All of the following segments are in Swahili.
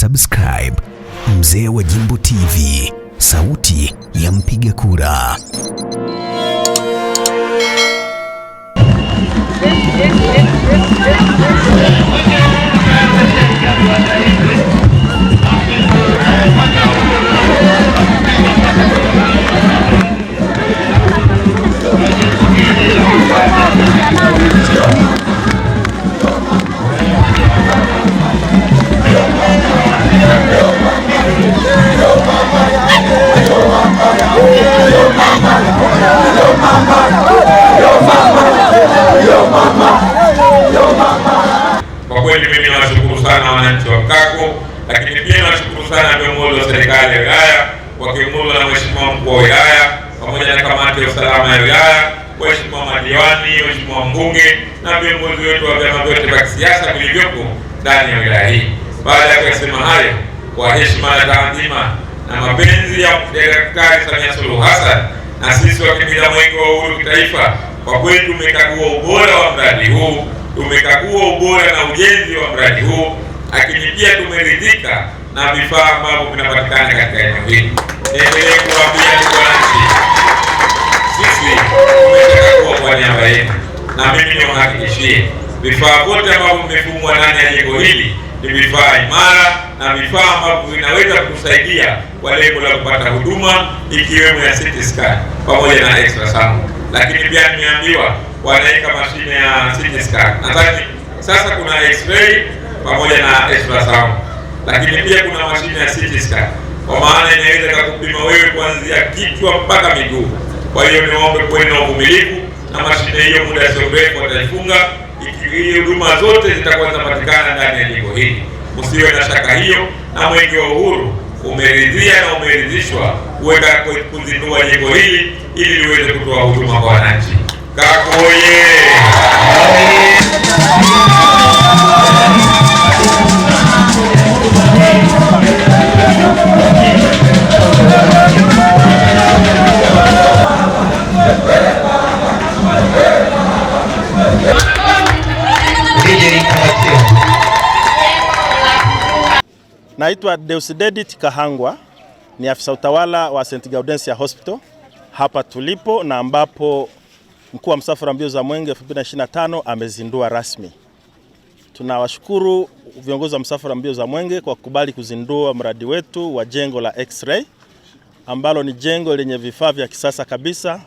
subscribe Mzee wa Jimbo TV, sauti ya mpiga kura. vyote vya kisiasa vilivyopo ndani ya wilaya hii. Baada ya kuyasema hayo, kwa heshima na taadhima na mapenzi ya Daktari Samia Suluhu Hassan na sisi wakimbilia mwenge wa uhuru kitaifa, kwa kweli tumekagua ubora wa mradi huu, tumekagua ubora na ujenzi wa mradi huu, lakini pia tumeridhika na vifaa ambavyo vinapatikana katika eneo hili. Niendelee kuwaambia ndugu wananchi, sisi tumekagua kwa niaba yenu, na mimi niwahakikishie Vifaa vyote ambavyo vimefungwa ndani ya jengo hili ni vifaa imara na vifaa ambavyo vinaweza kusaidia kwa lengo la kupata huduma ikiwemo ya CT scan pamoja na extra sound. Lakini pia nimeambiwa wanaweka mashine ya CT scan, nadhani sasa kuna x-ray pamoja na extra sound, lakini pia kuna mashine ya CT scan kwa maana inaweza kukupima wewe kuanzia kichwa mpaka miguu. Kwa hiyo niwaombe kuwe na uvumilivu na mashine hiyo, muda sio mrefu wataifunga ikifikiri huduma zote zitakuwa zinapatikana ndani ya jengo hili. Msiwe na shaka hiyo, na Mwenge wa Uhuru umeridhia na umeridhishwa kuweka kuzindua jengo hili ili liweze kutoa huduma kwa wananchi. Kakoye Naitwa Deusdedit Kahangwa, ni afisa utawala wa St. Gaudensia Hospital hapa tulipo na ambapo mkuu wa msafara mbio za mwenge 2025 amezindua rasmi. Tunawashukuru viongozi wa msafara mbio za mwenge kwa kukubali kuzindua mradi wetu wa jengo la X-ray ambalo ni jengo lenye vifaa vya kisasa kabisa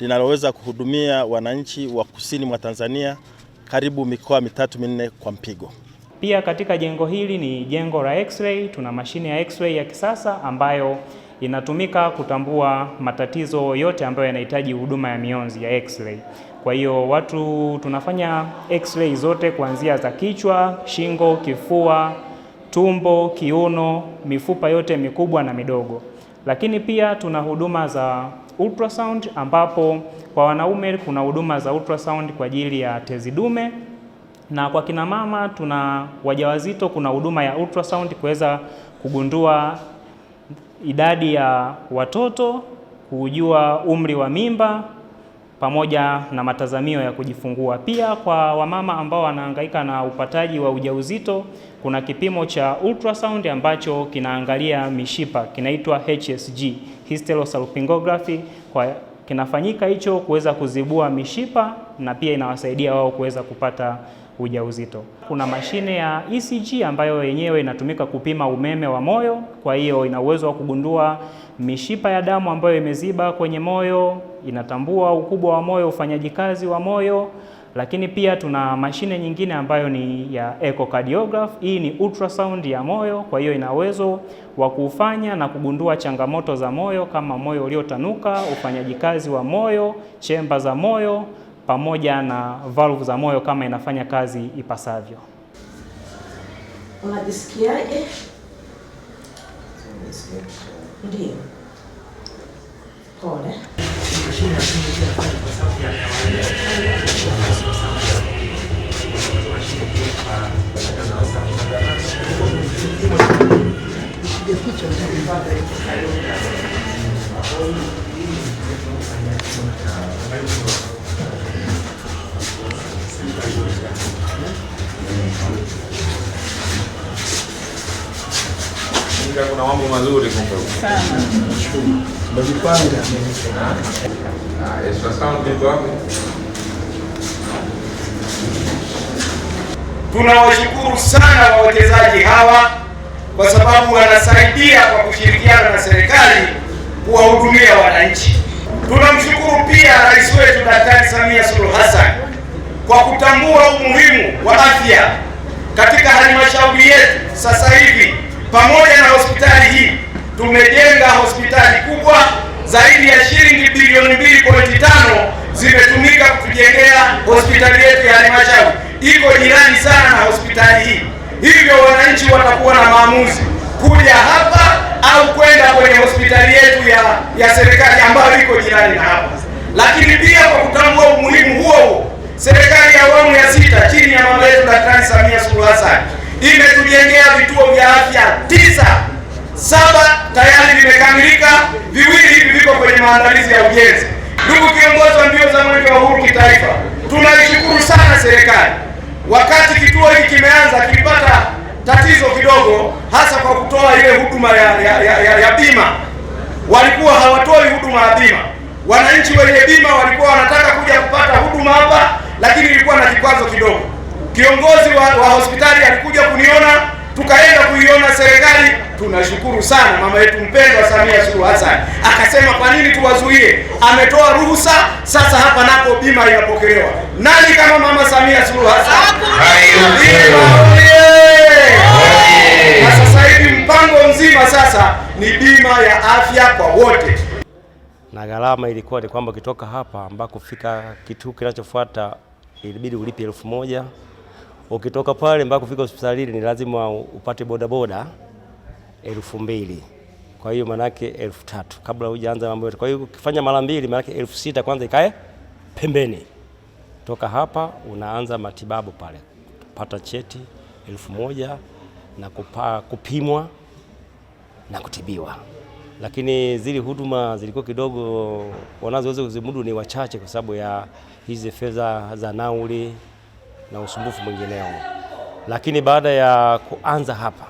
linaloweza kuhudumia wananchi wa kusini mwa Tanzania karibu mikoa mitatu minne kwa mpigo. Pia katika jengo hili ni jengo la x-ray, tuna mashine ya x-ray ya kisasa ambayo inatumika kutambua matatizo yote ambayo yanahitaji huduma ya mionzi ya x-ray. Kwa hiyo watu tunafanya x-ray zote kuanzia za kichwa, shingo, kifua, tumbo, kiuno, mifupa yote mikubwa na midogo. Lakini pia tuna huduma za ultrasound ambapo kwa wanaume kuna huduma za ultrasound kwa ajili ya tezi dume na kwa kina mama tuna wajawazito, kuna huduma ya ultrasound kuweza kugundua idadi ya watoto, kujua umri wa mimba pamoja na matazamio ya kujifungua. Pia kwa wamama ambao wanahangaika na upataji wa ujauzito, kuna kipimo cha ultrasound ambacho kinaangalia mishipa, kinaitwa HSG, hysterosalpingography kwa kinafanyika hicho kuweza kuzibua mishipa na pia inawasaidia wao kuweza kupata ujauzito. Kuna mashine ya ECG ambayo yenyewe inatumika kupima umeme wa moyo, kwa hiyo ina uwezo wa kugundua mishipa ya damu ambayo imeziba kwenye moyo, inatambua ukubwa wa moyo, ufanyaji kazi wa moyo. Lakini pia tuna mashine nyingine ambayo ni ya echocardiograph. Hii ni ultrasound ya moyo, kwa hiyo ina uwezo wa kufanya na kugundua changamoto za moyo kama moyo uliotanuka, ufanyaji kazi wa moyo, chemba za moyo pamoja na valvu za moyo kama inafanya kazi ipasavyo. Unajisikiaje? Kuna mambo mazuri tunawashukuru sana wawekezaji hawa kwa sababu wanasaidia kwa kushirikiana na serikali kuwahudumia wananchi. Tunamshukuru pia rais wetu Daktari Samia Suluhu Hassan kwa kutambua umuhimu wa afya katika halmashauri yetu. Sasa hivi pamoja na hospitali hii tumejenga hospitali kubwa, zaidi ya shilingi bilioni 2.5 zimetumika kutujengea hospitali yetu ya halmashauri, iko jirani sana na hospitali hii. Hivyo wananchi watakuwa na maamuzi kuja hapa au kwenda kwenye hospitali yetu ya ya serikali ambayo iko jirani na hapa. Lakini pia kwa kutambua umuhimu huo Serikali ya awamu ya sita chini ya mama yetu Daktari Samia Suluhu Hassan imetujengea vituo vya afya tisa, saba tayari vimekamilika, viwili hivi viko kwenye maandalizi ya ujenzi. Ndugu kiongozi wa mbio za mwenge wa uhuru kitaifa, tunaishukuru sana serikali. Wakati kituo hiki kimeanza kilipata tatizo kidogo, hasa kwa kutoa ile huduma ya, ya, ya, ya, ya bima. Walikuwa hawatoi huduma ya bima, wananchi wenye bima walikuwa wanataka kuja kupata huduma hapa lakini ilikuwa na kikwazo kidogo. Kiongozi wa, wa hospitali alikuja kuniona, tukaenda kuiona serikali. Tunashukuru sana mama yetu mpendwa Samia Suluhu Hassan, akasema kwa nini tuwazuie? Ametoa ruhusa, sasa hapa nako bima inapokelewa. Nani kama mama Samia Suluhu Hassan? Na sasa hivi mpango mzima sasa ni bima ya afya kwa wote na gharama ilikuwa ni kwamba ukitoka hapa ambako fika kitu kinachofuata ilibidi ulipe elfu moja. Ukitoka pale mpaka kufika hospitalini ni lazima upate bodaboda elfu mbili kwa hiyo manake elfu tatu kabla hujaanza mambo yote. Kwa hiyo ukifanya mara mbili manake elfu sita kwanza ikae pembeni. Toka hapa unaanza matibabu pale, pata cheti elfu moja na kupa, kupimwa na kutibiwa. Lakini zile huduma zilikuwa kidogo, wanazoweza kuzimudu ni wachache kwa sababu ya hizi fedha za nauli na usumbufu mwingineo. Lakini baada ya kuanza hapa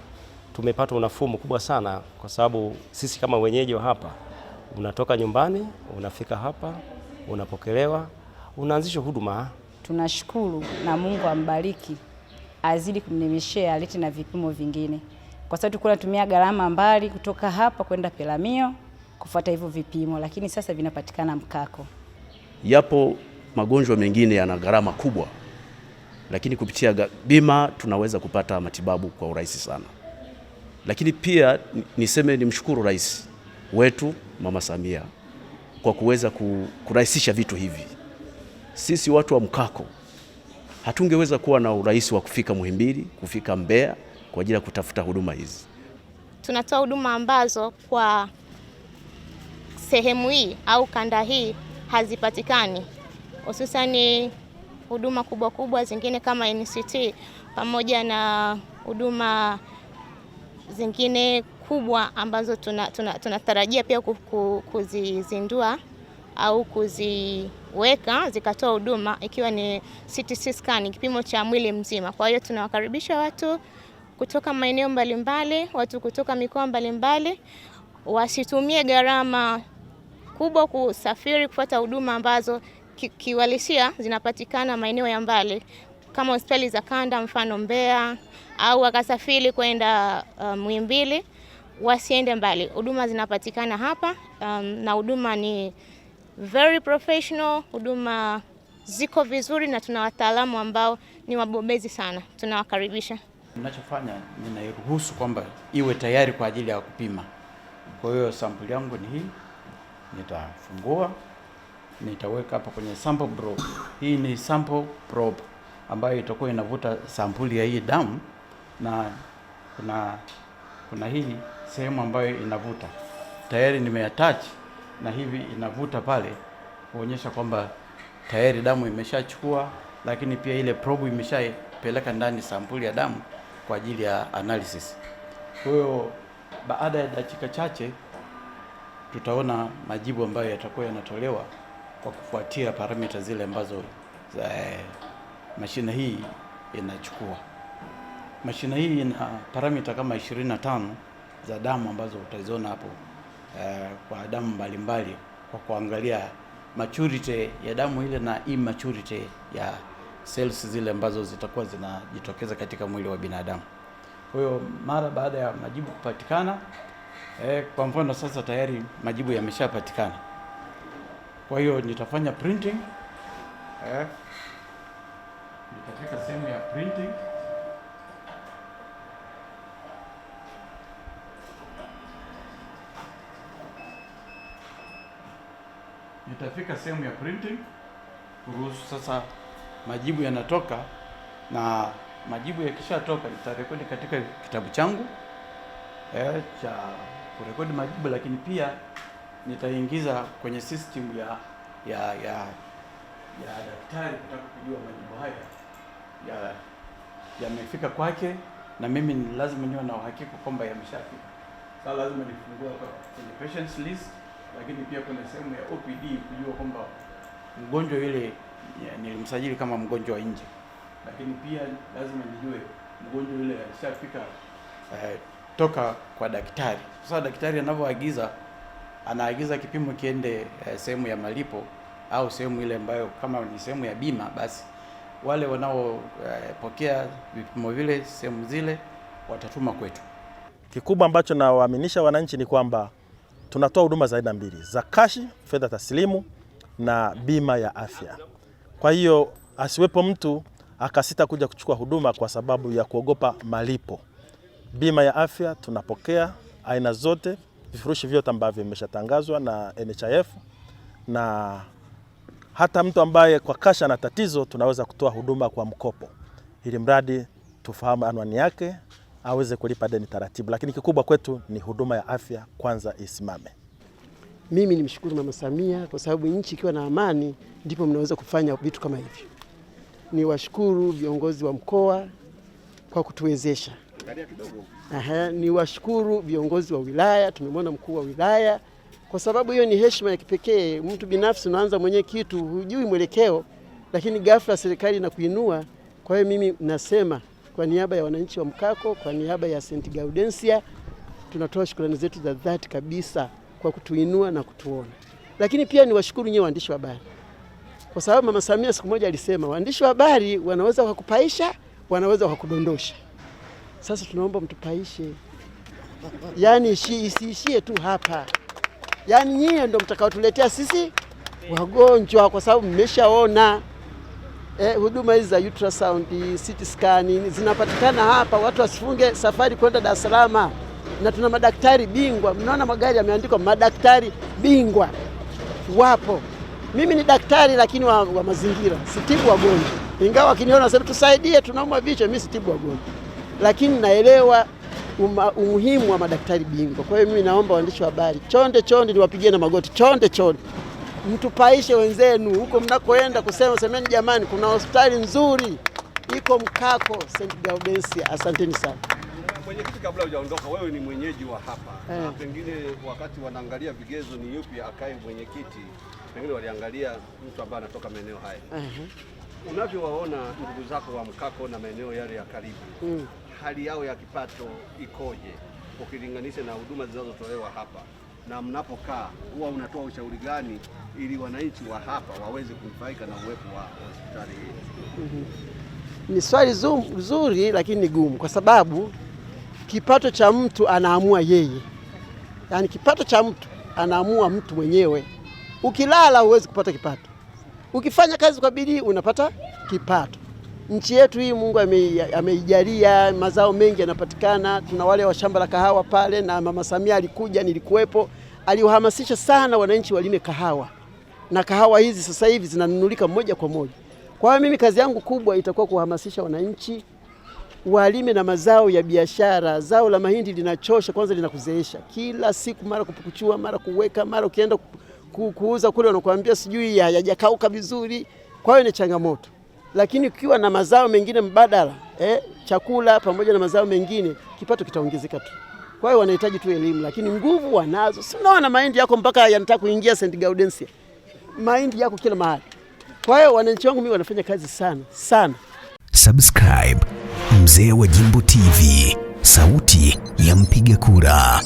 tumepata unafuu mkubwa sana, kwa sababu sisi kama wenyeji wa hapa, unatoka nyumbani unafika hapa unapokelewa, unaanzisha huduma. Tunashukuru na Mungu ambariki, azidi kumnemeshea, alete na vipimo vingine, kwa sababu tulikuwa tunatumia gharama mbali kutoka hapa kwenda Peramiho kufuata hivyo vipimo, lakini sasa vinapatikana Mkako. Yapo magonjwa mengine yana gharama kubwa, lakini kupitia bima tunaweza kupata matibabu kwa urahisi sana. Lakini pia niseme nimshukuru rais wetu Mama Samia kwa kuweza kurahisisha vitu hivi. Sisi watu wa mkako hatungeweza kuwa na urahisi wa kufika Muhimbili, kufika Mbeya kwa ajili ya kutafuta huduma hizi. Tunatoa huduma ambazo kwa sehemu hii au kanda hii hazipatikani hususani huduma kubwa kubwa zingine kama NCT pamoja na huduma zingine kubwa ambazo tunatarajia tuna, tuna pia kuzizindua au kuziweka zikatoa huduma ikiwa ni CT scan kipimo cha mwili mzima. Kwa hiyo tunawakaribisha watu kutoka maeneo mbalimbali, watu kutoka mikoa mbalimbali, wasitumie gharama kubwa kusafiri kufuata huduma ambazo kiuhalisia zinapatikana maeneo ya mbali kama hospitali za kanda, mfano Mbeya, au wakasafiri kwenda um, Muhimbili, um, wasiende mbali, huduma zinapatikana hapa um, na huduma ni very professional, huduma ziko vizuri na tuna wataalamu ambao ni wabobezi sana, tunawakaribisha. Ninachofanya ninairuhusu kwamba iwe tayari kwa ajili ya kupima. Kwa hiyo sampuli yangu ni hii, nitafungua nitaweka hapa kwenye sample probe. Hii ni sample probe ambayo itakuwa inavuta sampuli ya hii damu na kuna kuna hii sehemu ambayo inavuta tayari nimeattach na hivi inavuta pale kuonyesha kwamba tayari damu imeshachukua, lakini pia ile probe imeshapeleka ndani sampuli ya damu kwa ajili ya analysis. Kwa hiyo baada ya dakika chache tutaona majibu ambayo yatakuwa yanatolewa kwa kufuatia parameter zile ambazo za eh, mashine hii inachukua. Mashine hii ina paramita kama 25 za damu ambazo utaziona hapo eh, kwa damu mbalimbali mbali, kwa kuangalia maturity ya damu ile na immaturity ya cells zile ambazo zitakuwa zinajitokeza katika mwili wa binadamu. Kwa hiyo mara baada ya majibu kupatikana eh, kwa mfano sasa tayari majibu yameshapatikana. Kwa hiyo nitafanya printing eh, nitafika sehemu ya printing nitafika sehemu ya printing kuruhusu sasa majibu yanatoka, na majibu yakishatoka nitarekodi katika kitabu changu eh, cha kurekodi majibu, lakini pia nitaingiza kwenye system ya ya ya ya daktari kutaka kujua majibu haya ya yamefika kwake, na mimi ni lazima niwe na uhakika kwamba yameshafika. Sasa lazima nifungue kwenye patients list, lakini pia kuna sehemu ya OPD kujua kwamba mgonjwa yule nilimsajili kama mgonjwa nje, lakini pia lazima nijue mgonjwa yule alishafika eh, toka kwa daktari. Sasa daktari anavyoagiza anaagiza kipimo kiende eh, sehemu ya malipo au sehemu ile ambayo kama ni sehemu ya bima, basi wale wanaopokea eh, vipimo vile sehemu zile watatuma kwetu. Kikubwa ambacho nawaaminisha wananchi ni kwamba tunatoa huduma za aina mbili za kashi, fedha taslimu na bima ya afya. Kwa hiyo asiwepo mtu akasita kuja kuchukua huduma kwa sababu ya kuogopa malipo. Bima ya afya tunapokea aina zote vifurushi vyote ambavyo vimeshatangazwa na NHIF, na hata mtu ambaye kwa kasha na tatizo, tunaweza kutoa huduma kwa mkopo, ili mradi tufahamu anwani yake aweze kulipa deni taratibu, lakini kikubwa kwetu ni huduma ya afya kwanza isimame. Mimi nimshukuru Mama Samia kwa sababu nchi ikiwa na amani ndipo mnaweza kufanya vitu kama hivyo. Niwashukuru viongozi wa mkoa kwa kutuwezesha. Aha, ni washukuru viongozi wa wilaya, tumemwona mkuu wa wilaya, kwa sababu hiyo ni heshima ya kipekee. Mtu binafsi unaanza mwenye kitu, hujui mwelekeo, lakini ghafla serikali inakuinua. Kwa hiyo mimi nasema kwa niaba ya wananchi wa Mkako, kwa niaba ya St. Gaudensia tunatoa shukrani zetu za dhati kabisa kwa kutuinua na kutuona, lakini pia ni washukuru nyewe waandishi wa habari kwa sababu Mama Samia siku moja alisema waandishi wa habari wanaweza wakakupaisha, wanaweza wakakudondosha. Sasa tunaomba mtupaishe, yaani isiishie tu hapa, yaani nyie ndio mtakaotuletea sisi wagonjwa, kwa sababu mmeshaona eh, huduma hizi za ultrasound, CT scan zinapatikana hapa. Watu wasifunge safari kwenda Dar es Salaam, na tuna madaktari bingwa. Mnaona magari yameandikwa madaktari bingwa, wapo. Mimi ni daktari lakini wa, wa mazingira, sitibu wagonjwa, ingawa wakiniona sema tusaidie, tunaumwa vichwa, mimi sitibu wagonjwa lakini naelewa uma, umuhimu wa madaktari bingwa. Kwa hiyo mimi naomba waandishi wa habari, chonde chonde, niwapigie na magoti, chonde chonde, mtupaishe wenzenu huko mnakoenda kusema, semeni jamani, kuna hospitali nzuri iko Mkako St. Gaudensia. Asanteni sana. Mwenyekiti, kabla hujaondoka, wewe ni mwenyeji wa hapa eh, na pengine wakati wanaangalia vigezo ni yupi akae mwenyekiti, pengine waliangalia mtu ambaye anatoka maeneo haya -huh unavyowaona ndugu zako wa mkako na maeneo yale ya karibu mm. hali yao ya kipato ikoje ukilinganisha na huduma zinazotolewa hapa, na mnapokaa huwa unatoa ushauri gani ili wananchi wa hapa waweze kunufaika na uwepo wa hospitali hii? mm -hmm. Ni swali zuri lakini ni gumu, kwa sababu kipato cha mtu anaamua yeye, yaani kipato cha mtu anaamua mtu mwenyewe. Ukilala huwezi kupata kipato Ukifanya kazi kwa bidii unapata kipato. Nchi yetu hii Mungu ameijalia, mazao mengi yanapatikana. Tuna wale wa shamba la kahawa pale, na Mama Samia alikuja, nilikuwepo, aliuhamasisha sana wananchi walime kahawa, na kahawa hizi sasa hivi zinanunulika moja kwa moja. Kwa hiyo mimi kazi yangu kubwa itakuwa kuhamasisha wananchi walime na mazao ya biashara. Zao la mahindi linachosha, kwanza linakuzeesha kila siku, mara kupukuchua, mara kuweka, mara ukienda kupu kuuza kule wanakuambia sijui hayajakauka vizuri, kwa hiyo ni changamoto. Lakini ukiwa na mazao mengine mbadala eh, chakula pamoja na mazao mengine, kipato kitaongezeka tu. Kwa hiyo wanahitaji tu elimu, lakini nguvu wanazo. Si unaona mahindi yako mpaka yanataka kuingia St. Gaudensia, mahindi yako kila mahali. Kwa hiyo wananchi wangu mimi wanafanya kazi sana sana. Subscribe Mzee wa Jimbo TV, sauti ya mpiga kura.